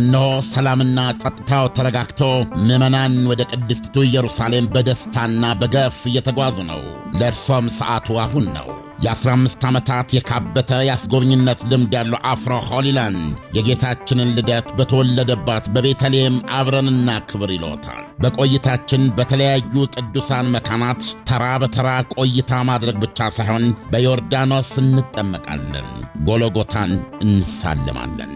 እነሆ ሰላምና ጸጥታው ተረጋግቶ ምዕመናን ወደ ቅድስቲቱ ኢየሩሳሌም በደስታና በገፍ እየተጓዙ ነው። ለእርሶም ሰዓቱ አሁን ነው። የ15 ዓመታት የካበተ የአስጎብኝነት ልምድ ያለው አፍሮ ሆሊላንድ የጌታችንን ልደት በተወለደባት በቤተልሔም አብረንና ክብር ይሎታል። በቆይታችን በተለያዩ ቅዱሳን መካናት ተራ በተራ ቆይታ ማድረግ ብቻ ሳይሆን በዮርዳኖስ እንጠመቃለን፣ ጎሎጎታን እንሳልማለን።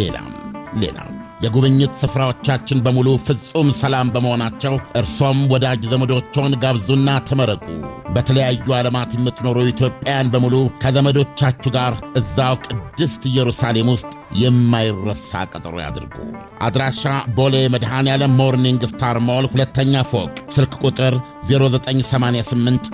ሌላም ሌላው የጉብኝት ስፍራዎቻችን በሙሉ ፍጹም ሰላም በመሆናቸው እርሶም ወዳጅ ዘመዶችዎን ጋብዙና ተመረቁ። በተለያዩ ዓለማት የምትኖሩ ኢትዮጵያውያን በሙሉ ከዘመዶቻችሁ ጋር እዛው ቅድስት ኢየሩሳሌም ውስጥ የማይረሳ ቀጠሮ ያድርጉ። አድራሻ ቦሌ መድኃኔዓለም ሞርኒንግ ስታር ሞል ሁለተኛ ፎቅ፣ ስልክ ቁጥር 0988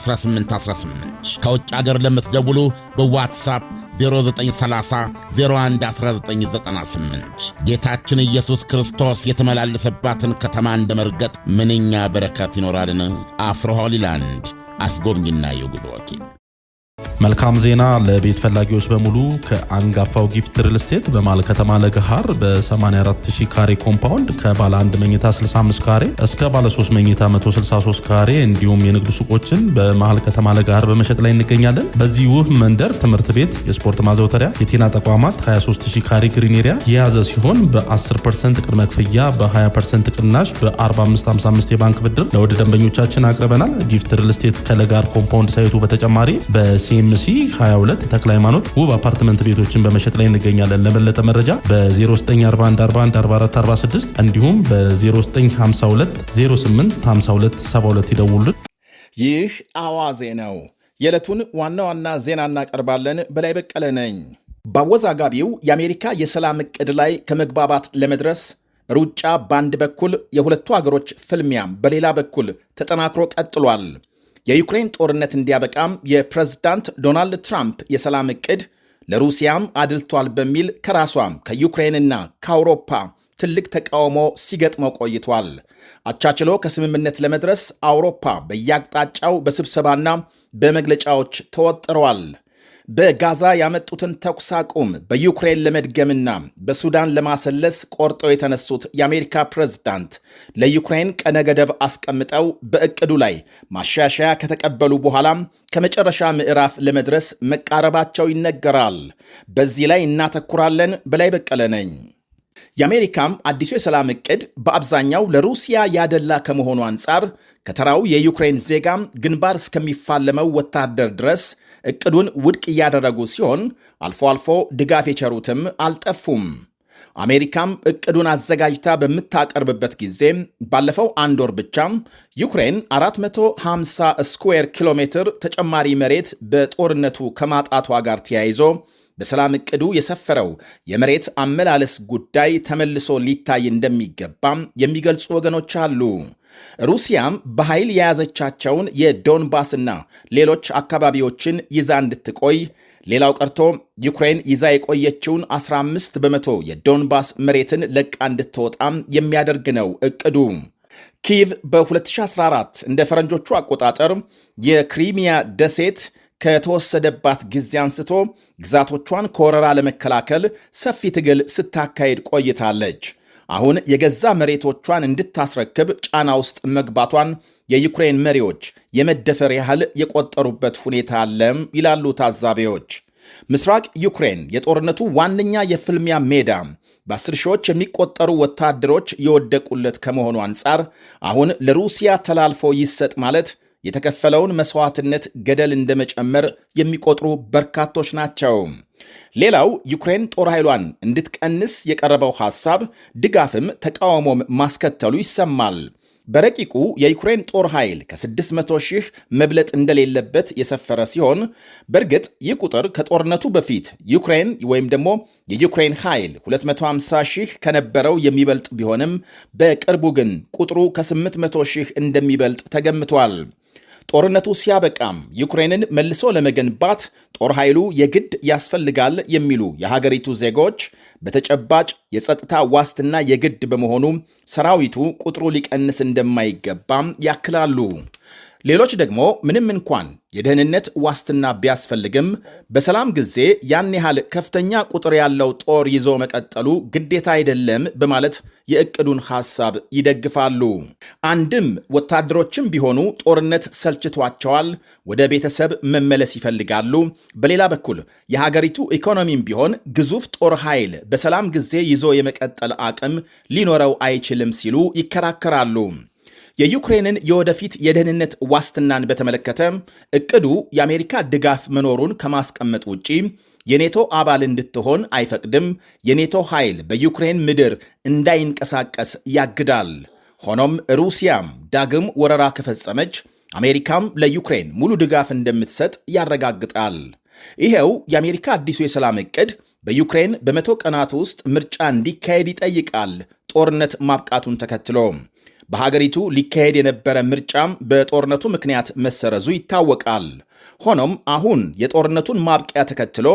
18። ከውጭ አገር ለምትደውሉ በዋትሳፕ 0930 ጌታችን ኢየሱስ ክርስቶስ የተመላለሰባትን ከተማ እንደ መርገጥ ምንኛ በረከት ይኖራልን! አፍሮ ሆሊላንድ አስጎብኝና የጉዞ ወኪል መልካም ዜና ለቤት ፈላጊዎች በሙሉ ከአንጋፋው ጊፍት ሪል ስቴት ከተማ ለገሃር በ84000 ካሬ ኮምፓውንድ ከባለ 1 መኝታ 65 ካሬ እስከ ባለ 3 መኝታ 163 ካሬ እንዲሁም የንግድ ሱቆችን በመሃል ከተማ ለገሃር በመሸጥ ላይ እንገኛለን። በዚህ ውብ መንደር ትምህርት ቤት፣ የስፖርት ማዘውተሪያ፣ የጤና ተቋማት 23000 ካሬ ግሪን ኤሪያ የያዘ ሲሆን በ10% ቅድመ ክፍያ በ20% ቅናሽ በ4555 የባንክ ብድር ለውድ ደንበኞቻችን አቅርበናል። ጊፍት ሪል ስቴት ከለጋር ኮምፓውንድ ሳይቱ በተጨማሪ በሲም ኤምሲ 22 ተክለ ሃይማኖት ውብ አፓርትመንት ቤቶችን በመሸጥ ላይ እንገኛለን። ለበለጠ መረጃ በ0941414446 እንዲሁም በ0952085272 ይደውሉን። ይህ አዋዜ ነው። የዕለቱን ዋና ዋና ዜና እናቀርባለን። በላይ በቀለ ነኝ። በአወዛጋቢው የአሜሪካ የሰላም ዕቅድ ላይ ከመግባባት ለመድረስ ሩጫ በአንድ በኩል የሁለቱ አገሮች ፍልሚያም በሌላ በኩል ተጠናክሮ ቀጥሏል። የዩክሬን ጦርነት እንዲያበቃም የፕሬዝዳንት ዶናልድ ትራምፕ የሰላም እቅድ ለሩሲያም አድልቷል በሚል ከራሷም ከዩክሬንና ከአውሮፓ ትልቅ ተቃውሞ ሲገጥመው ቆይቷል። አቻችሎ ከስምምነት ለመድረስ አውሮፓ በየአቅጣጫው በስብሰባና በመግለጫዎች ተወጥረዋል። በጋዛ ያመጡትን ተኩስ አቁም በዩክሬን ለመድገምና በሱዳን ለማሰለስ ቆርጠው የተነሱት የአሜሪካ ፕሬዝዳንት ለዩክሬን ቀነ ገደብ አስቀምጠው በእቅዱ ላይ ማሻሻያ ከተቀበሉ በኋላም ከመጨረሻ ምዕራፍ ለመድረስ መቃረባቸው ይነገራል። በዚህ ላይ እናተኩራለን። በላይ በቀለ ነኝ። የአሜሪካም አዲሱ የሰላም እቅድ በአብዛኛው ለሩሲያ ያደላ ከመሆኑ አንጻር ከተራው የዩክሬን ዜጋም ግንባር እስከሚፋለመው ወታደር ድረስ እቅዱን ውድቅ እያደረጉ ሲሆን አልፎ አልፎ ድጋፍ የቸሩትም አልጠፉም። አሜሪካም እቅዱን አዘጋጅታ በምታቀርብበት ጊዜ ባለፈው አንድ ወር ብቻ ዩክሬን 450 ስኩዌር ኪሎ ሜትር ተጨማሪ መሬት በጦርነቱ ከማጣቷ ጋር ተያይዞ በሰላም እቅዱ የሰፈረው የመሬት አመላለስ ጉዳይ ተመልሶ ሊታይ እንደሚገባም የሚገልጹ ወገኖች አሉ። ሩሲያም በኃይል የያዘቻቸውን የዶንባስና ሌሎች አካባቢዎችን ይዛ እንድትቆይ ሌላው ቀርቶ ዩክሬን ይዛ የቆየችውን 15 በመቶ የዶንባስ መሬትን ለቃ እንድትወጣም የሚያደርግ ነው እቅዱ። ኪቭ በ2014 እንደ ፈረንጆቹ አቆጣጠር የክሪሚያ ደሴት ከተወሰደባት ጊዜ አንስቶ ግዛቶቿን ከወረራ ለመከላከል ሰፊ ትግል ስታካሄድ ቆይታለች። አሁን የገዛ መሬቶቿን እንድታስረክብ ጫና ውስጥ መግባቷን የዩክሬን መሪዎች የመደፈር ያህል የቆጠሩበት ሁኔታ አለም ይላሉ ታዛቢዎች። ምስራቅ ዩክሬን የጦርነቱ ዋነኛ የፍልሚያ ሜዳ በአስር ሺዎች የሚቆጠሩ ወታደሮች የወደቁለት ከመሆኑ አንጻር አሁን ለሩሲያ ተላልፎ ይሰጥ ማለት የተከፈለውን መስዋዕትነት ገደል እንደመጨመር የሚቆጥሩ በርካቶች ናቸው። ሌላው ዩክሬን ጦር ኃይሏን እንድትቀንስ የቀረበው ሐሳብ ድጋፍም ተቃውሞም ማስከተሉ ይሰማል። በረቂቁ የዩክሬን ጦር ኃይል ከ600 ሺህ መብለጥ እንደሌለበት የሰፈረ ሲሆን በእርግጥ ይህ ቁጥር ከጦርነቱ በፊት ዩክሬን ወይም ደግሞ የዩክሬን ኃይል 250 ሺህ ከነበረው የሚበልጥ ቢሆንም በቅርቡ ግን ቁጥሩ ከ800 ሺህ እንደሚበልጥ ተገምቷል። ጦርነቱ ሲያበቃም ዩክሬንን መልሶ ለመገንባት ጦር ኃይሉ የግድ ያስፈልጋል የሚሉ የሀገሪቱ ዜጎች በተጨባጭ የጸጥታ ዋስትና የግድ በመሆኑ ሰራዊቱ ቁጥሩ ሊቀንስ እንደማይገባም ያክላሉ። ሌሎች ደግሞ ምንም እንኳን የደህንነት ዋስትና ቢያስፈልግም በሰላም ጊዜ ያን ያህል ከፍተኛ ቁጥር ያለው ጦር ይዞ መቀጠሉ ግዴታ አይደለም በማለት የእቅዱን ሐሳብ ይደግፋሉ። አንድም ወታደሮችም ቢሆኑ ጦርነት ሰልችቷቸዋል፣ ወደ ቤተሰብ መመለስ ይፈልጋሉ። በሌላ በኩል የሀገሪቱ ኢኮኖሚም ቢሆን ግዙፍ ጦር ኃይል በሰላም ጊዜ ይዞ የመቀጠል አቅም ሊኖረው አይችልም ሲሉ ይከራከራሉ። የዩክሬንን የወደፊት የደህንነት ዋስትናን በተመለከተ እቅዱ የአሜሪካ ድጋፍ መኖሩን ከማስቀመጥ ውጪ የኔቶ አባል እንድትሆን አይፈቅድም፣ የኔቶ ኃይል በዩክሬን ምድር እንዳይንቀሳቀስ ያግዳል። ሆኖም ሩሲያም ዳግም ወረራ ከፈጸመች አሜሪካም ለዩክሬን ሙሉ ድጋፍ እንደምትሰጥ ያረጋግጣል። ይኸው የአሜሪካ አዲሱ የሰላም እቅድ በዩክሬን በመቶ ቀናት ውስጥ ምርጫ እንዲካሄድ ይጠይቃል። ጦርነት ማብቃቱን ተከትሎ በሀገሪቱ ሊካሄድ የነበረ ምርጫም በጦርነቱ ምክንያት መሰረዙ ይታወቃል። ሆኖም አሁን የጦርነቱን ማብቂያ ተከትሎ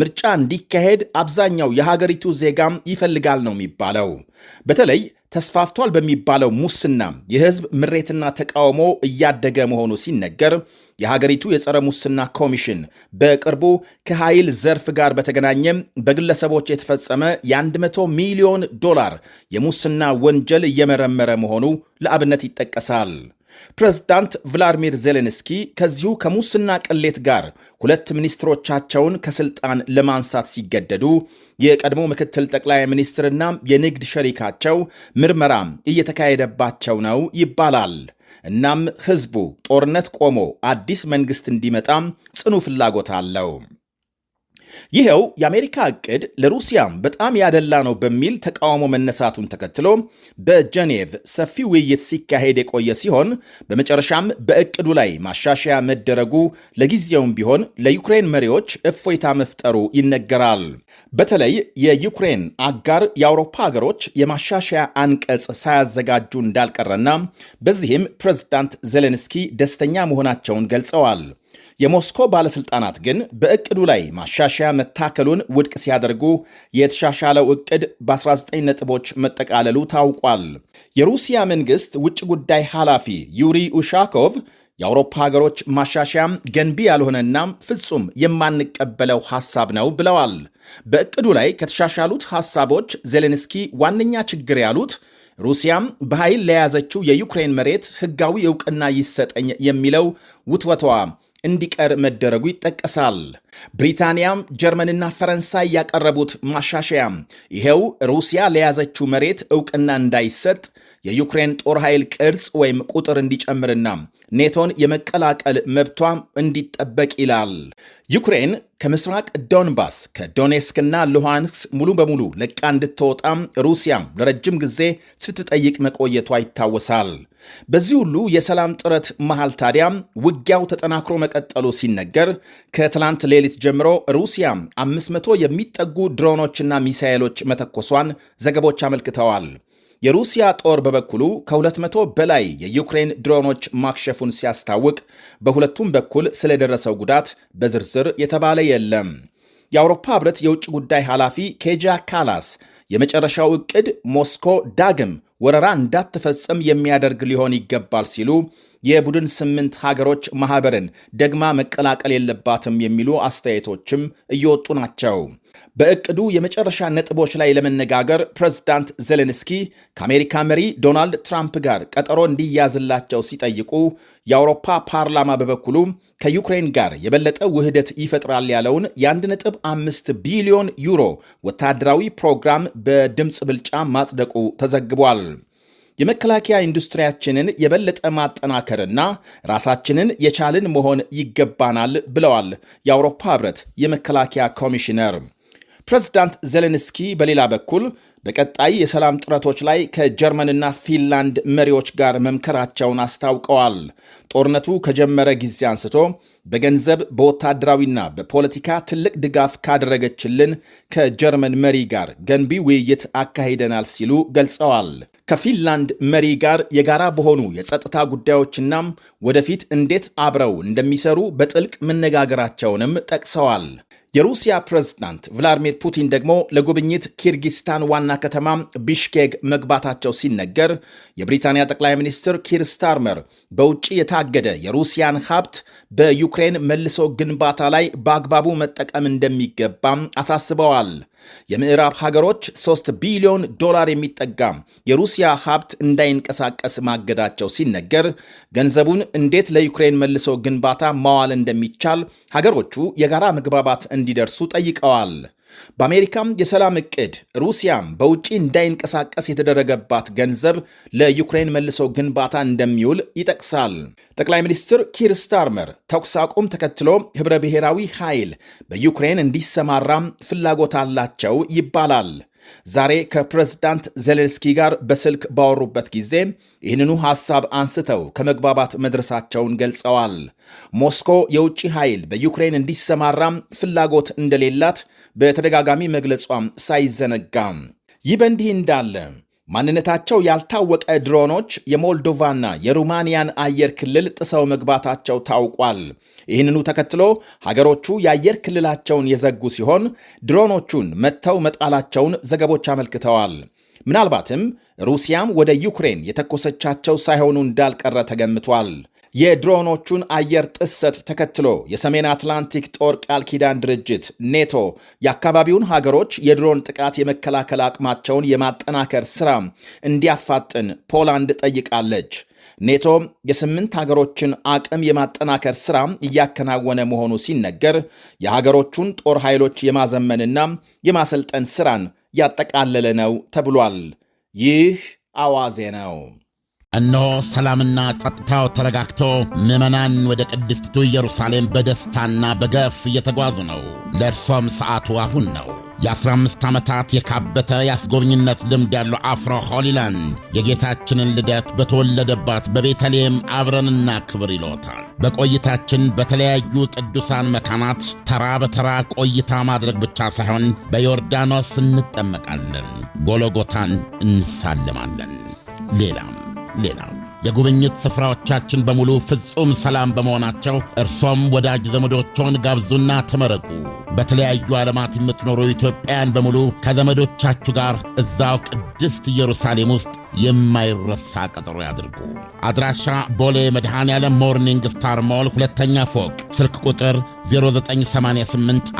ምርጫ እንዲካሄድ አብዛኛው የሀገሪቱ ዜጋም ይፈልጋል ነው የሚባለው። በተለይ ተስፋፍቷል በሚባለው ሙስና የህዝብ ምሬትና ተቃውሞ እያደገ መሆኑ ሲነገር የሀገሪቱ የጸረ ሙስና ኮሚሽን በቅርቡ ከኃይል ዘርፍ ጋር በተገናኘ በግለሰቦች የተፈጸመ የ100 ሚሊዮን ዶላር የሙስና ወንጀል እየመረመረ መሆኑ ለአብነት ይጠቀሳል። ፕሬዝዳንት ቭላዲሚር ዜሌንስኪ ከዚሁ ከሙስና ቅሌት ጋር ሁለት ሚኒስትሮቻቸውን ከስልጣን ለማንሳት ሲገደዱ የቀድሞ ምክትል ጠቅላይ ሚኒስትርና የንግድ ሸሪካቸው ምርመራ እየተካሄደባቸው ነው ይባላል። እናም ህዝቡ ጦርነት ቆሞ አዲስ መንግስት እንዲመጣም ጽኑ ፍላጎት አለው። ይኸው የአሜሪካ እቅድ ለሩሲያም በጣም ያደላ ነው በሚል ተቃውሞ መነሳቱን ተከትሎ በጀኔቭ ሰፊ ውይይት ሲካሄድ የቆየ ሲሆን በመጨረሻም በእቅዱ ላይ ማሻሻያ መደረጉ ለጊዜውም ቢሆን ለዩክሬን መሪዎች እፎይታ መፍጠሩ ይነገራል። በተለይ የዩክሬን አጋር የአውሮፓ ሀገሮች የማሻሻያ አንቀጽ ሳያዘጋጁ እንዳልቀረና በዚህም ፕሬዝዳንት ዜሌንስኪ ደስተኛ መሆናቸውን ገልጸዋል። የሞስኮ ባለሥልጣናት ግን በእቅዱ ላይ ማሻሻያ መታከሉን ውድቅ ሲያደርጉ የተሻሻለው እቅድ በ19 ነጥቦች መጠቃለሉ ታውቋል። የሩሲያ መንግሥት ውጭ ጉዳይ ኃላፊ ዩሪ ኡሻኮቭ የአውሮፓ ሀገሮች ማሻሻያም ገንቢ ያልሆነና ፍጹም የማንቀበለው ሐሳብ ነው ብለዋል። በእቅዱ ላይ ከተሻሻሉት ሐሳቦች ዜሌንስኪ ዋነኛ ችግር ያሉት ሩሲያም በኃይል ለያዘችው የዩክሬን መሬት ሕጋዊ ዕውቅና ይሰጠኝ የሚለው ውትወቷ እንዲቀር መደረጉ ይጠቀሳል። ብሪታንያም ጀርመንና ፈረንሳይ ያቀረቡት ማሻሻያ ይኸው ሩሲያ ለያዘችው መሬት እውቅና እንዳይሰጥ የዩክሬን ጦር ኃይል ቅርጽ ወይም ቁጥር እንዲጨምርና ኔቶን የመቀላቀል መብቷ እንዲጠበቅ ይላል። ዩክሬን ከምስራቅ ዶንባስ ከዶኔስክና ሉሃንስክ ሙሉ በሙሉ ለቃ እንድትወጣም ሩሲያም ለረጅም ጊዜ ስትጠይቅ መቆየቷ ይታወሳል። በዚህ ሁሉ የሰላም ጥረት መሃል ታዲያ ውጊያው ተጠናክሮ መቀጠሉ ሲነገር ከትላንት ሌሊት ጀምሮ ሩሲያ 500 የሚጠጉ ድሮኖችና ሚሳኤሎች መተኮሷን ዘገቦች አመልክተዋል። የሩሲያ ጦር በበኩሉ ከ200 በላይ የዩክሬን ድሮኖች ማክሸፉን ሲያስታውቅ በሁለቱም በኩል ስለደረሰው ጉዳት በዝርዝር የተባለ የለም። የአውሮፓ ህብረት የውጭ ጉዳይ ኃላፊ ኬጃ ካላስ የመጨረሻው እቅድ ሞስኮ ዳግም ወረራ እንዳትፈጽም የሚያደርግ ሊሆን ይገባል ሲሉ የቡድን ስምንት ሀገሮች ማኅበርን ደግማ መቀላቀል የለባትም የሚሉ አስተያየቶችም እየወጡ ናቸው። በእቅዱ የመጨረሻ ነጥቦች ላይ ለመነጋገር ፕሬዝዳንት ዜሌንስኪ ከአሜሪካ መሪ ዶናልድ ትራምፕ ጋር ቀጠሮ እንዲያዝላቸው ሲጠይቁ የአውሮፓ ፓርላማ በበኩሉ ከዩክሬን ጋር የበለጠ ውህደት ይፈጥራል ያለውን የ1.5 ቢሊዮን ዩሮ ወታደራዊ ፕሮግራም በድምፅ ብልጫ ማጽደቁ ተዘግቧል። የመከላከያ ኢንዱስትሪያችንን የበለጠ ማጠናከርና ራሳችንን የቻልን መሆን ይገባናል ብለዋል የአውሮፓ ህብረት የመከላከያ ኮሚሽነር። ፕሬዝዳንት ዜሌንስኪ በሌላ በኩል በቀጣይ የሰላም ጥረቶች ላይ ከጀርመንና ፊንላንድ መሪዎች ጋር መምከራቸውን አስታውቀዋል። ጦርነቱ ከጀመረ ጊዜ አንስቶ በገንዘብ በወታደራዊና በፖለቲካ ትልቅ ድጋፍ ካደረገችልን ከጀርመን መሪ ጋር ገንቢ ውይይት አካሂደናል ሲሉ ገልጸዋል። ከፊንላንድ መሪ ጋር የጋራ በሆኑ የጸጥታ ጉዳዮችናም ወደፊት እንዴት አብረው እንደሚሰሩ በጥልቅ መነጋገራቸውንም ጠቅሰዋል። የሩሲያ ፕሬዝዳንት ቭላድሚር ፑቲን ደግሞ ለጉብኝት ኪርጊስታን ዋና ከተማ ቢሽኬክ መግባታቸው ሲነገር የብሪታንያ ጠቅላይ ሚኒስትር ኪር ስታርመር በውጭ የታገደ የሩሲያን ሀብት በዩክሬን መልሶ ግንባታ ላይ በአግባቡ መጠቀም እንደሚገባም አሳስበዋል። የምዕራብ ሀገሮች 3 ቢሊዮን ዶላር የሚጠጋ የሩሲያ ሀብት እንዳይንቀሳቀስ ማገዳቸው ሲነገር ገንዘቡን እንዴት ለዩክሬን መልሶ ግንባታ ማዋል እንደሚቻል ሀገሮቹ የጋራ መግባባት እንዲደርሱ ጠይቀዋል። በአሜሪካም የሰላም እቅድ ሩሲያም በውጪ እንዳይንቀሳቀስ የተደረገባት ገንዘብ ለዩክሬን መልሶ ግንባታ እንደሚውል ይጠቅሳል። ጠቅላይ ሚኒስትር ኪር ስታርመር ተኩስ አቁም ተከትሎ ህብረ ብሔራዊ ኃይል በዩክሬን እንዲሰማራም ፍላጎት አላቸው ይባላል። ዛሬ ከፕሬዝዳንት ዜሌንስኪ ጋር በስልክ ባወሩበት ጊዜ ይህንኑ ሐሳብ አንስተው ከመግባባት መድረሳቸውን ገልጸዋል። ሞስኮ የውጭ ኃይል በዩክሬን እንዲሰማራም ፍላጎት እንደሌላት በተደጋጋሚ መግለጿም ሳይዘነጋም ይህ በእንዲህ እንዳለ ማንነታቸው ያልታወቀ ድሮኖች የሞልዶቫና የሩማንያን አየር ክልል ጥሰው መግባታቸው ታውቋል። ይህንኑ ተከትሎ ሀገሮቹ የአየር ክልላቸውን የዘጉ ሲሆን ድሮኖቹን መጥተው መጣላቸውን ዘገቦች አመልክተዋል። ምናልባትም ሩሲያም ወደ ዩክሬን የተኮሰቻቸው ሳይሆኑ እንዳልቀረ ተገምቷል። የድሮኖቹን አየር ጥሰት ተከትሎ የሰሜን አትላንቲክ ጦር ቃል ኪዳን ድርጅት ኔቶ የአካባቢውን ሀገሮች የድሮን ጥቃት የመከላከል አቅማቸውን የማጠናከር ስራ እንዲያፋጥን ፖላንድ ጠይቃለች። ኔቶ የስምንት ሀገሮችን አቅም የማጠናከር ስራ እያከናወነ መሆኑ ሲነገር የሀገሮቹን ጦር ኃይሎች የማዘመንና የማሰልጠን ስራን ያጠቃለለ ነው ተብሏል። ይህ አዋዜ ነው። እነሆ ሰላምና ጸጥታው ተረጋግቶ ምዕመናን ወደ ቅድስቲቱ ኢየሩሳሌም በደስታና በገፍ እየተጓዙ ነው። ለእርሶም ሰዓቱ አሁን ነው። የ15 ዓመታት የካበተ የአስጎብኝነት ልምድ ያለው አፍሮ ሆሊላንድ የጌታችንን ልደት በተወለደባት በቤተልሔም አብረንና ክብር ይሎታል። በቆይታችን በተለያዩ ቅዱሳን መካናት ተራ በተራ ቆይታ ማድረግ ብቻ ሳይሆን በዮርዳኖስ እንጠመቃለን፣ ጎሎጎታን እንሳልማለን፣ ሌላም ሌላው የጉብኝት ስፍራዎቻችን በሙሉ ፍጹም ሰላም በመሆናቸው እርሶም ወዳጅ ዘመዶችዎን ጋብዙና ተመረቁ። በተለያዩ ዓለማት የምትኖሩ ኢትዮጵያውያን በሙሉ ከዘመዶቻችሁ ጋር እዛው ቅድስት ኢየሩሳሌም ውስጥ የማይረሳ ቀጠሮ ያድርጉ። አድራሻ ቦሌ መድኃኔዓለም ሞርኒንግ ስታር ሞል ሁለተኛ ፎቅ፣ ስልክ ቁጥር 0988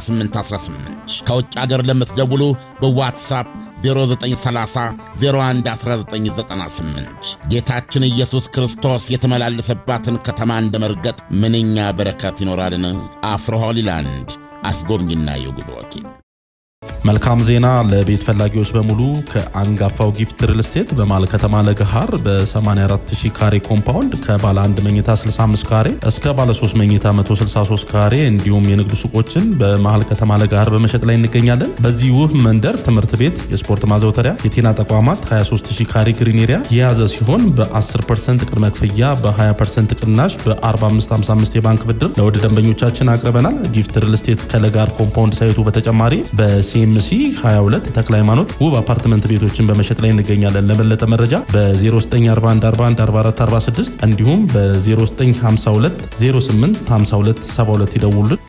18። ከውጭ አገር ለምትደውሉ በዋትሳፕ 0930 011998 ጌታችን ኢየሱስ ክርስቶስ የተመላለሰባትን ከተማ እንደ መርገጥ ምንኛ በረከት ይኖራልን! አፍሮ ሆሊላንድ አስጎብኝና የጉዞ ወኪል መልካም ዜና ለቤት ፈላጊዎች በሙሉ ከአንጋፋው ጊፍት ሪል ስቴት ከተማ ለገሃር በ84000 ካሬ ኮምፓውንድ ከባለ 1 መኝታ 65 ካሬ እስከ ባለ 3 መኝታ 163 ካሬ እንዲሁም የንግድ ሱቆችን በመሃል ከተማ ለገሃር በመሸጥ ላይ እንገኛለን። በዚህ ውብ መንደር ትምህርት ቤት፣ የስፖርት ማዘውተሪያ፣ የጤና ተቋማት 23000 ካሬ ግሪን ኤሪያ የያዘ ሲሆን በ10% ቅድመ ክፍያ በ20% ቅናሽ በ4555 የባንክ ብድር ለውድ ደንበኞቻችን አቅርበናል። ጊፍት ሪል ስቴት ከለጋር ኮምፓውንድ ሳይቱ በተጨማሪ በሲም ኤምሲ 22 ተክለ ሃይማኖት ውብ አፓርትመንት ቤቶችን በመሸጥ ላይ እንገኛለን። ለበለጠ መረጃ በ0941414446 እንዲሁም በ0952085272 ይደውሉልን።